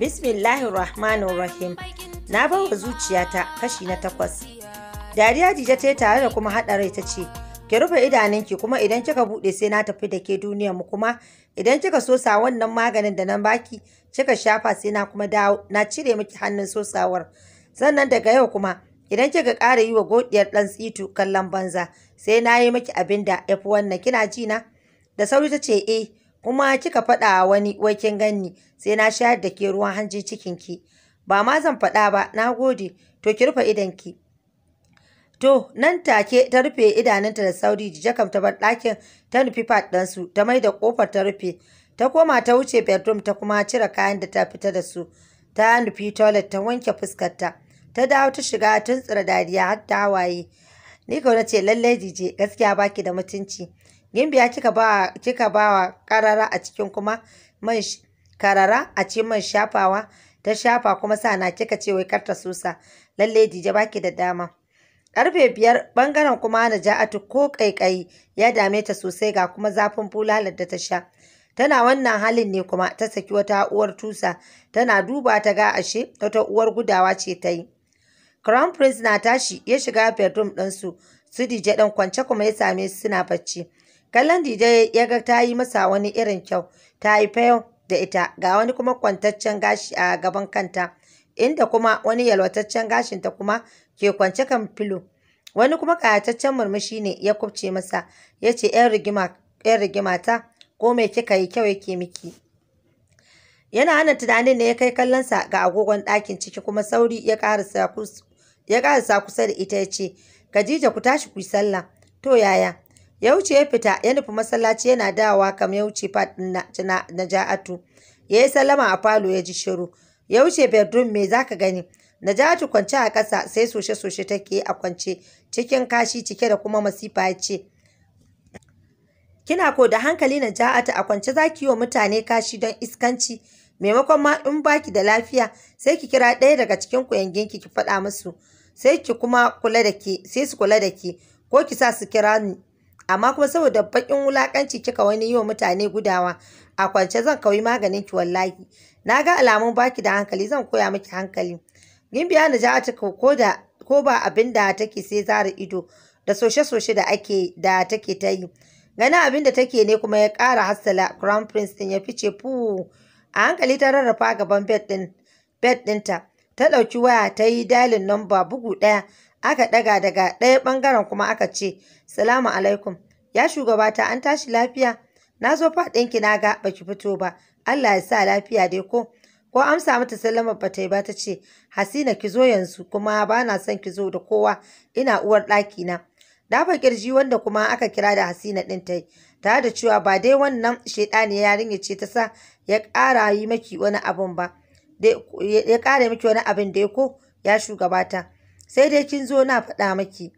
bismillahir rahmanir rahim na wa zuciyata kashi na takwas dariya jija ta tare da kuma haɗa rai ta ce ki rufe idanunki kuma idan kika buɗe sai na tafi da ke duniyar mu kuma idan kika sosa wannan maganin da nan baki kika shafa sai na kuma dawo na cire miki hannun sosawar sannan daga yau kuma idan kika ƙara yi wa godiyar ɗan tsitu kallon banza sai na yi miki abin da ya fi wannan kina ji na da sauri ta ce eh kuma kika faɗa wani wai kin ganni sai na shayar da ke ruwan hanjin cikinki ba ma zan faɗa ba na gode to ki rufe idanki to nan take ta rufe idanunta da sauri jije kam ta bar ɗakin ta nufi fat ɗansu ta mai da ƙofar ta rufe ta koma ta wuce bedroom ta kuma cire kayan da ta fita da su ta nufi toilet ta wanke fuskarta ta dawo ta shiga tun tsira dariya har ta hawaye ni kawai ce lallai jije gaskiya baki da mutunci gimbiya kika ba kika bawa karara a cikin kuma man karara a cikin man shafawa ta shafa kuma sa na kika ce wai karta susa lalle dije baki da dama karfe biyar bangaren kuma na ja'atu ko kaikayi ya dame ta sosai ga kuma zafin bulalar da ta sha tana wannan halin ne kuma ta saki wata uwar tusa tana duba ta ga ashe wata uwar gudawa ce ta yi crown prince na tashi ya shiga bedroom ɗinsu su dije ɗan kwance kuma ya same su suna bacci Kallon DJ ya ga ta yi masa wani irin kyau, ta yi fayon da ita ga wani kuma kwantaccen gashi a gaban kanta, inda kuma wani yalwataccen gashinta kuma ke kwance kan filo. Wani kuma kayataccen murmushi ne ya kubce masa, ya ce ‘yan rigima ta, ko me kika yi kyau yake miki?’ yana hana tunanin ne ya kai kallonsa ga agogon ɗakin ciki kuma sauri ya karasa kusa da ita ya ce Khadija ku tashi ku yi sallah to yaya ya wuce ya fita ya nufi masallaci yana dawowa kam ya wuce fat na ja'atu ya yi sallama a falo ya ji shiru ya wuce bedroom me zaka gani na ja'atu kwance a ƙasa sai soshe-soshe take a kwance cikin kashi cike da kuma masifa ya ce kina ko da hankali na ja'atu a kwance za ki yi wa mutane kashi don iskanci maimakon ma in baki da lafiya sai ki kira ɗaya daga cikin kuyanginki ki faɗa musu sai ki kuma kula da ke sai su kula da ke ko ki sa su kira ni amma kuma saboda baƙin wulakanci kika wani yi wa mutane gudawa a kwance zan kauyi maganin ki wallahi na ga alamun baki da hankali zan koya miki hankali gimbiya na ja ta ko da ko ba abin da take sai zara ido da soshe-soshe da ake da take ta yi gani abin da take ne kuma ya kara hassala crown prince din ya fice fu a hankali ta rarrafa gaban bed din bed ɗinta ta ɗauki waya ta yi dalin namba bugu ɗaya aka ɗaga daga ɗaya ɓangaren kuma aka ce salamu alaikum ya shugabata an tashi lafiya na zo ki na ga baki fito ba allah ya sa lafiya dai ko ko amsa mata sallama ba ta yi ba ta ce hasina ki zo yanzu kuma ba na son ki zo da kowa ina uwar ɗaki na dafa kirji wanda kuma aka kira da hasina ɗin ta yi tare da cewa ba dai wannan shaiɗani yarinya ce ta sa ya ƙara yi maki wani abun ba ya ƙara miki wani abin da ya ko ya shugabata sai dai kin zo na faɗa miki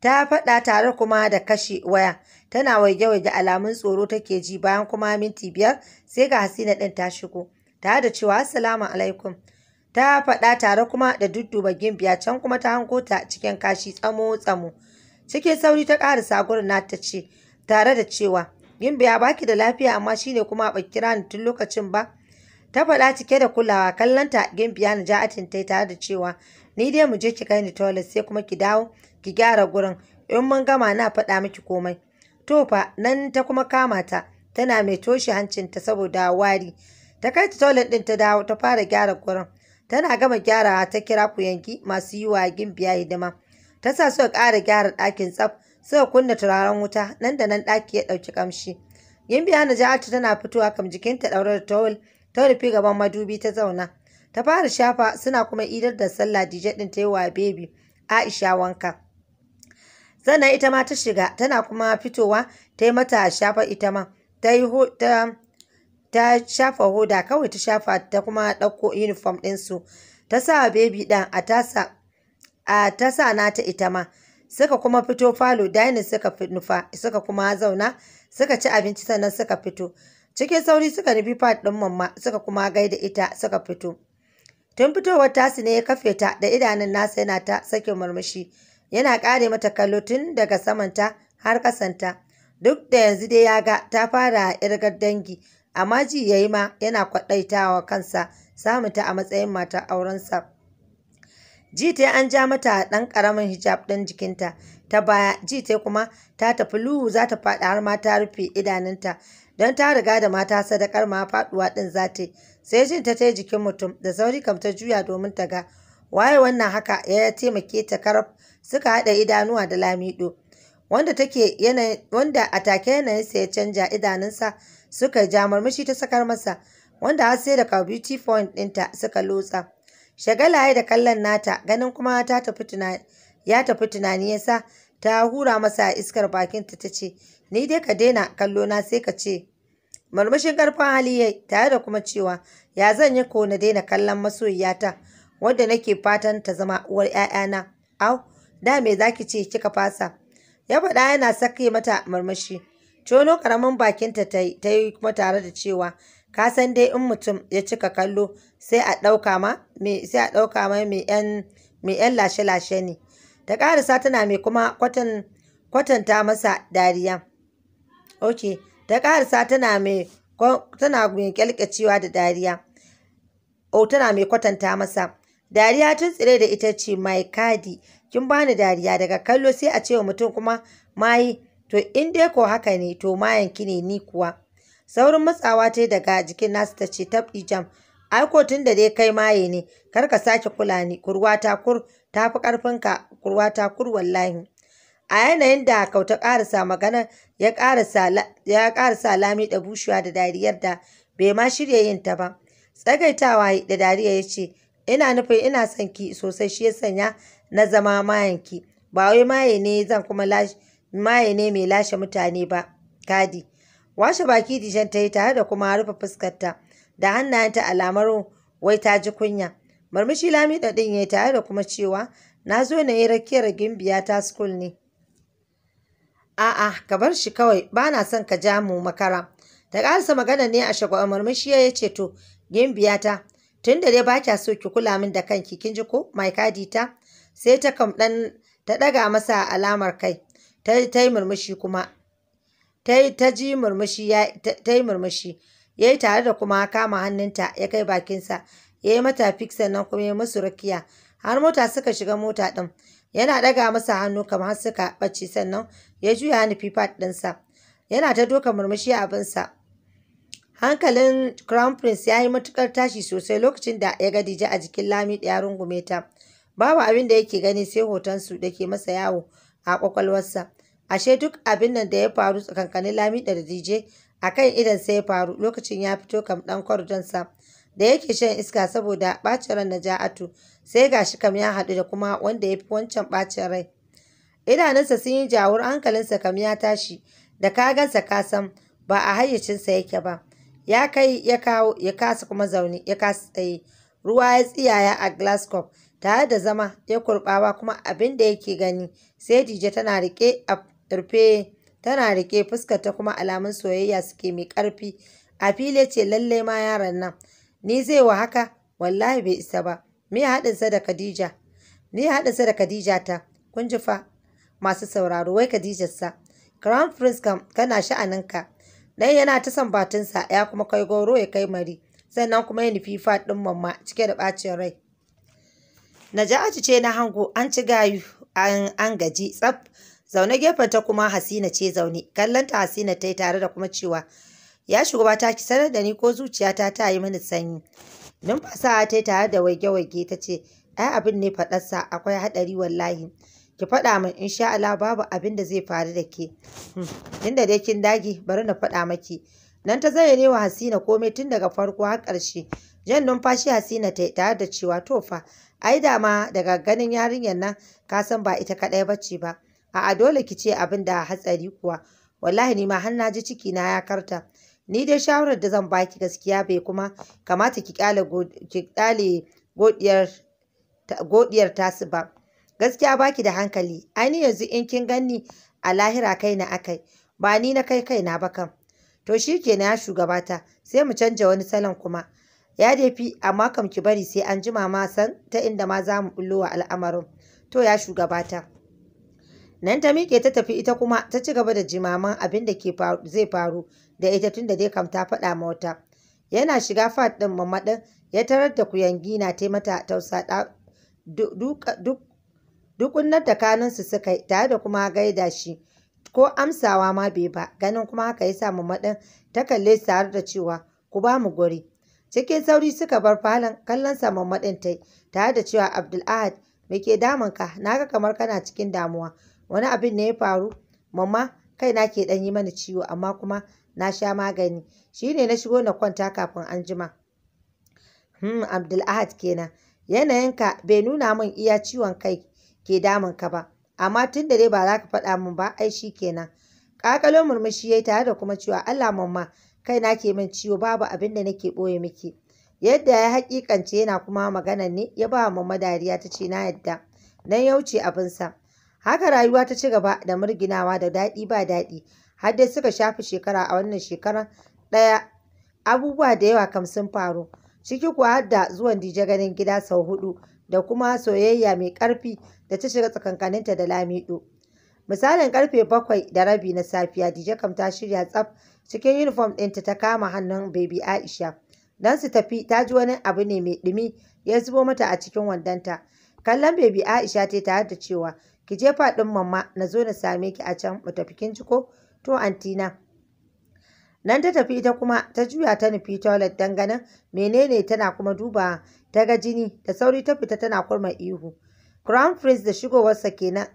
ta faɗa tare kuma da kashe waya tana waige-waige alamun tsoro take ji bayan kuma minti biyar sai ga hasina ɗin ta shigo ta da cewa assalamu alaikum ta faɗa tare kuma da dudduba gimbiya can kuma ta hanko ta cikin kashi tsamo-tsamo cikin sauri ta ƙara sagurin na ta ce tare da cewa gimbiya baki da lafiya amma shine kuma ba kira ni tun lokacin ba ta faɗa cike da kulawa kallonta gimbiya na ja'atin ta tare da cewa ni dai mu je ki kai ni toilet sai kuma ki dawo ki gyara gurin in mun gama na faɗa miki komai to fa nan ta kuma kama ta tana mai toshe hancin ta saboda wari ta kai ta toilet ɗin ta dawo ta fara gyara gurin tana gama gyarawa ta kira ku yanki masu yi wa gimbiya hidima ta sa suka ƙara gyara ɗakin tsaf suka kunna turaren wuta nan da nan ɗaki ya ɗauki ƙamshi gimbiya na ja'atu tana fitowa kam jikinta ɗaure da towel ta rufe gaban madubi ta zauna ta fara shafa suna kuma idar da sallah dije din ta yi wa bebi aisha wanka sannan ita ma ta shiga tana kuma fitowa ta yi mata shafa ita ma ta yi ta shafa hoda kawai ta shafa ta kuma ɗauko uniform ɗinsu ta sa bebi ɗan a tasa a tasa nata ita ma suka kuma fito falo dining suka nufa suka kuma zauna suka ci abinci sannan suka fito Cikin sauri suka nufi fat ɗin mamma suka kuma gaida ita suka fito. Tun fitowar tasu ne ya kafe ta da idanun nasa yana ta sakin murmushi. Yana kare mata kallo tun daga samanta har ƙasanta. Duk da yanzu dai ya ga ta fara irgar dangi, amma ji ya ma yana kwaɗaitawa kansa samun ta a matsayin matar aurensa. Ji ta an ja mata ɗan ƙaramin hijab ɗin jikinta ta baya, ji ta kuma ta tafi luhu za ta faɗi har ma ta rufe idanunta. don ta riga da mata sadakar ma faduwa din za ta sai jin ta tai jikin mutum da sauri kam ta juya domin ta ga waye wannan haka ya taimake ta karaf suka haɗa idanuwa da lamido wanda take yanayin wanda a take yanayinsa ya canja idanunsa suka ja murmushi ta sakar masa wanda har sai ka beauty point ɗinta suka lotsa shagalaye da kallon nata ganin kuma ta tafi tunani ya tafi tunani yasa ta hura masa iskar bakinta ta ce ni dai ka daina kallo na sai ka ce murmushin karfin hali yayi tare da kuma cewa ya zan yi ko na daina kallon masoyiyata wadda nake fatan ta zama uwar 'ya'yana au da me zaki ce kika fasa ya faɗa yana sake mata murmushi cono karamin bakinta ta yi ta yi kuma tare da cewa ka san dai in mutum ya cika kallo sai a ɗauka ma me sai a ɗauka ma me yan me yan lashe lashe ne ta ƙarasa tana mai kuma kwatan kwatanta masa dariya ok ta ƙarisa tana mai tana mai da dariya o oh, tana mai kwatanta masa dariya tun tsire da ita ce mai kadi kin bani dariya daga kallo sai a ce wa mutum kuma mayi to in dai ko haka ne to ki ne ni kuwa saurin matsawa ta daga jikin nasu ta ce tab jam ai ko tun da dai kai maye ne kar ka sake kula ni kurwata kur ta fi karfinka kurwata kur wallahi a yanayin da kauta ta ƙarasa magana ya ƙarasa lami da bushewa da dariyar da bai ma shirya yin ta ba tsagaitawa da dariya ya ce ina nufin ina son ki sosai shi ya sanya na zama mayanki ba wai maye ne zan kuma maye ne mai lashe mutane ba kadi washe baki dijan ta yi tare da kuma rufe fuskarta da hannayenta alamar wai ta ji kunya murmushi lami da ɗin yayi yi tare da kuma cewa na zo na yi rakiyar gimbiya ta school ne A'a, ka bar shi kawai, ba na son ka ja mu makara. Ta ƙarasa magana ne a shagwa murmushi ya ce to, gimbiyata, tun da dai ba kya so ki kula min da kanki, kin ji ko, mai kadi ta? Sai ta kam ɗan ta ɗaga masa alamar kai, ta yi murmushi kuma. Ta ji murmushi, ta yi murmushi, ya yi tare da kuma kama hannunta ya kai bakinsa, ya yi mata fix sannan kuma ya musu rakiya. Har mota suka shiga mota ɗin, yana ɗaga masa hannu kamar suka ɓace sannan ya juya ni fat ɗinsa yana ta doka murmushi abinsa hankalin crown prince ya yi matukar tashi sosai lokacin da ya ga dije a jikin lami ya rungume ta babu abin da yake gani sai hoton su ke masa yawo a kwakwalwarsa ashe duk abin nan da ya faru tsakankanin lami da dije akan kan idan sai ya faru lokacin ya fito kam dan sa da yake shan iska saboda bacin ran na ja'atu sai gashi kam ya haɗu da kuma wanda ya fi wancan bacin rai idanunsa sun yi jawur hankalinsa kam ya tashi da ka gansa ka san ba a hayyacinsa yake ba ya kai ya kawo ya kasa kuma zaune ya kasa tsaye ruwa ya tsiyaya a glasgow tare da zama ya kurbawa kuma abin da yake gani sai dije tana rike a rufe tana rike fuskar ta kuma alamun soyayya suke mai karfi a fili ce lallai ma yaron nan ni zai wa haka wallahi bai isa ba me haɗinsa da Khadija ni haɗinsa da Khadija ta kun ji fa masu sauraro wai Khadijarsa Crown Prince kam kana sha'aninka dan yana ta son batunsa ya kuma kai goro ya kai mari sannan kuma ya nufi ɗin mamma cike da ɓacin rai Naja'atu ce na hango an ci gayu an gaji tsaf zaune gefen ta kuma Hasina ce zaune kallon Hasina ta yi tare da kuma cewa ya shugaba ta ki sanar da ni ko zuciya ta yi mini sanyi numfasa ta yi tare da waige-waige ta ce ai abin ne faɗarsa akwai haɗari wallahi ki faɗa min insha Allah babu abin da zai faru da ke hmm. inda dai kin dage bari na faɗa maki nan ta zayyane wa Hasina komai tun daga farko har ƙarshe jan numfashi Hasina ta tare da cewa Tofa. fa ai da ma daga ganin yarinyar nan ka san ba ita kaɗai bace ba a'a dole ki ce abin da hatsari kuwa wallahi ni ma har na ji ciki na ya karta ni dai shawarar da zan baki gaskiya bai kuma kamata ki kyale godiyar godiyar tasu ba gaskiya baki da hankali ainihin yanzu in kin ganni a lahira kai na akai ba ni na kai kai na ba kam to shi ke na shugabata sai mu canja wani salon kuma ya dafi amma kam ki bari sai an jima ma san ta inda ma za mu bullo wa al'amarin to ya shugabata nan ta miƙe ta tafi ita kuma ta ci gaba da jimaman abin da ke zai faru da ita tunda da dai kam ta faɗa ma wata yana shiga fat ɗin mamaɗin ya tarar da kuyangi na taimata tausa duk duk kunnar tsakaninsu su suka yi tare da kuma gaida shi ko amsawa ma bai ba ganin kuma haka ya sa mamadin ta kalle su tare da cewa ku ba mu guri cikin sauri suka bar falon kallon sa mamadin ta tare da cewa abdulahad me ke damun ka naga kamar kana cikin damuwa wani abin ne ya faru mama kai na ke dan yi mani ciwo amma kuma na sha magani shine na shigo na kwanta kafin an jima hmm abdulahad kenan yanayinka bai nuna min iya ciwon kai ke damun ka ba amma tun da dai ba za ka faɗa min ba ai shi kenan ƙaƙalo murmushi ya yi tare da kuma cewa Allah mamma kai na ke min ciwo babu abin da nake ɓoye miki yadda ya haƙiƙance yana kuma magana ne ya ba wa mamma dariya ta ce na yadda Nan ya wuce abinsa haka rayuwa ta ci gaba da murginawa da daɗi ba daɗi har dai suka shafi shekara a wannan shekaran ɗaya abubuwa da yawa kam sun faru ciki kuwa har da zuwan dije ganin gida sau hudu da kuma soyayya mai karfi da ta shiga tsakankaninta da lamido misalin karfe bakwai da rabi na safiya dije kam ta shirya tsaf cikin uniform ɗinta ta kama hannun baby aisha don su tafi ta ji wani abu ne mai ɗumi ya zubo mata a cikin wandonta kallon baby aisha ta tare da cewa ki je faɗin mamma na zo na same ki a can mu tafi kin ciko to antina Nan ta tafi ita kuma ta juya ta nufi toilet don ganin menene tana kuma duba ta ga jini da sauri ta fita tana kurma ihu. Crown Prince da shigowarsa kenan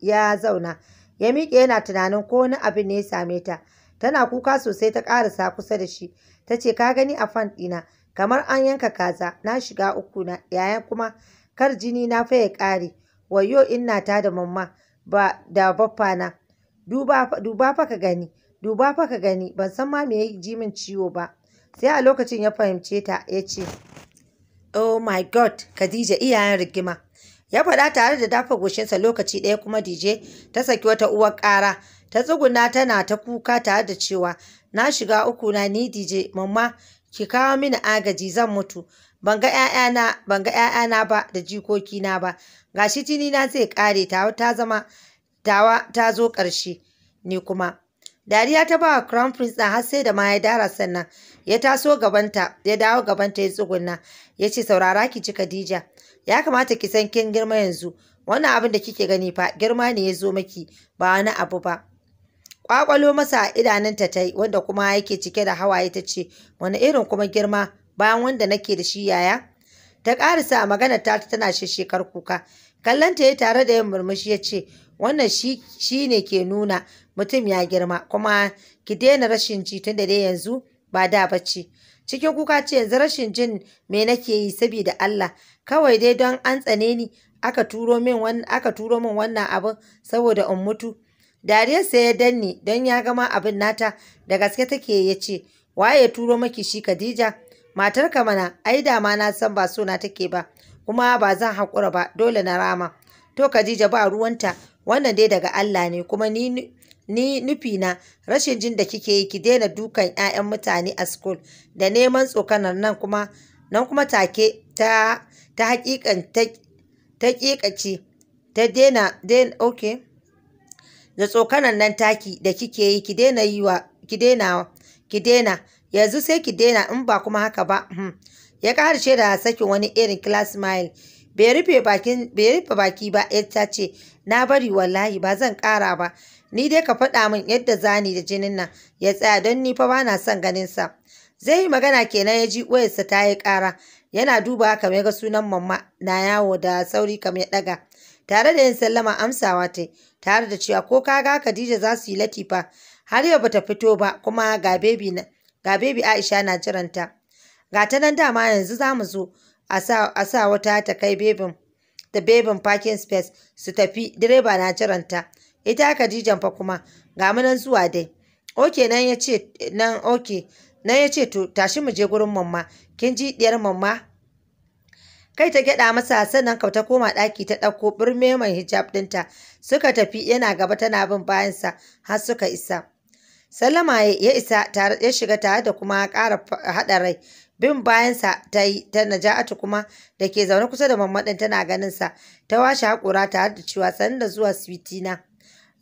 ya zauna ya miƙe yana tunanin ko wani abin ne ya same ta. Tana kuka sosai ta ƙarasa kusa da shi. Ta ce ka gani a fan ɗina kamar an yanka kaza na shiga uku na Yaya kuma kar jini na fa ya ƙare. Wayyo inna ta da mamma ba da baffa na. Duba fa ka gani duba fa ka gani ban san ma me ya ji min ciwo ba sai a lokacin ya fahimce ta ya ce oh my god khadija iyayen rigima ya faɗa tare da dafa goshinsa lokaci ɗaya kuma dj ta saki wata uwar ƙara ta tsuguna tana ta kuka tare da cewa na shiga uku na ni dj mamma ki kawo mini agaji zan mutu ban ga ‘ya'yana ban ba da jikokina ba gashi jini na zai ƙare ta zama tawa ta zo ƙarshe ni kuma Dariya ta ba Crown Prince ɗan har sai da ma ya dara sannan ya taso gabanta ya dawo gabanta ya tsugunna ya ce saurara ki ci Khadija ya kamata ki san kin girma yanzu wannan abin da kike gani fa girma ne ya zo maki ba wani abu ba kwakwalo masa idanunta ta yi wanda kuma yake cike da hawaye ta ce wani irin kuma girma bayan wanda nake da shi yaya ta karisa magana maganar ta tana shekar kuka kallon ya tare da yin murmushi ya ce wannan shi ne ke nuna mutum ya girma kuma ki daina rashin ji tun da dai yanzu ba da bacci cikin kuka ce yanzu rashin jin me nake yi sabida Allah kawai dai don an tsane ni aka turo min wannan aka turo min wannan abin saboda in mutu dariyarsa ya danne don ya gama abin nata da gaske take ya ce waye turo maki shi Khadija matarka mana ai da ma na san ba so na take ba kuma ba zan haƙura ba dole na rama to Khadija ba ruwanta wannan dai daga Allah ne kuma ni ni nufi na rashin jin da kike yi ki daina dukan 'ya'yan mutane a school da neman tsokanar nan kuma nan kuma take ta ta hakikan ta ta ta daina daina okay da tsokanar nan taki da kike yi ki daina yi wa ki daina ki daina yanzu sai ki daina in ba kuma haka ba hmm. ya karshe da sakin wani irin class mile bai rufe baki ba ya ta ce na bari wallahi ba zan ƙara ba ni dai ka faɗa min yadda zani da jinin nan ya tsaya don ni fa ba na son ganin sa zai yi magana kenan ya ji wayarsa ta yi ƙara yana duba kamar ga sunan mamma na yawo da sauri kamar ya ɗaga tare da yin sallama amsawa ta tare da cewa ko ka ga Khadija za su yi latifa har yau bata fito ba kuma ga bebi na ga bebi Aisha na jiranta ga ta nan dama yanzu za mu zo a sa wata ta kai bebin da bebin parking space su tafi direba na jiranta ita Khadijan fa kuma ga mu nan zuwa dai oke nan ya ce nan oke nan ya ce to tashi mu je gurin mamma kin ji diyar mamma kai ta gyada masa sannan ka ta koma ɗaki ta ɗauko birme mai hijab ɗinta suka tafi yana gaba tana bin bayansa har suka isa sallama ya isa ya shiga tare da kuma ƙara haɗa rai bin bayansa ta yi ta naja'atu kuma da ke zaune kusa da mammadin tana ganin sa ta washe haƙura ta da cewa san da zuwa switi na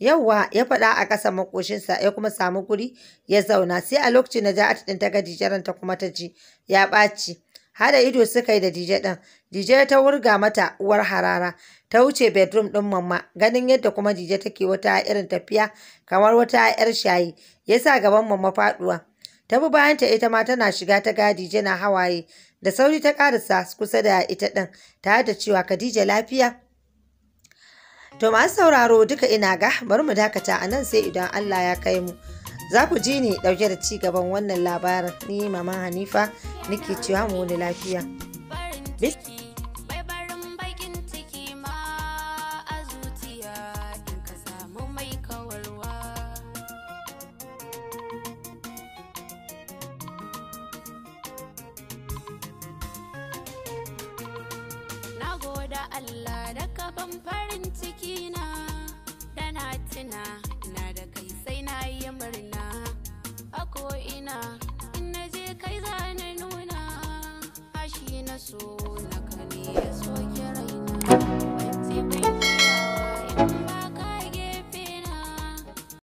yawwa ya faɗa a makoshin makoshinsa ya kuma samu guri ya zauna sai a lokacin naja'atu ɗin ta ga dijeran ta kuma ta ji ya ɓaci hada ido suka yi da dije ɗin dije ta wurga mata uwar harara ta wuce bedroom ɗin mamma ganin yadda kuma dije take wata irin tafiya kamar wata 'yar shayi yasa gaban mamma faduwa. ta bi bayanta ita ma tana shiga ta gadi jana hawaye da sauri ta karasa kusa da ita ɗin tare da cewa Khadija lafiya to masu sauraro duka ina ga bari mu dakata anan sai idan Allah ya kai mu za ku ji ni ɗauke da ci gaban wannan labarin ni mama Hanifa nake cewa mu wani lafiya bis da Allah da kafan farin ciki na da na tuna ina da kai sai na yi murna a ko ina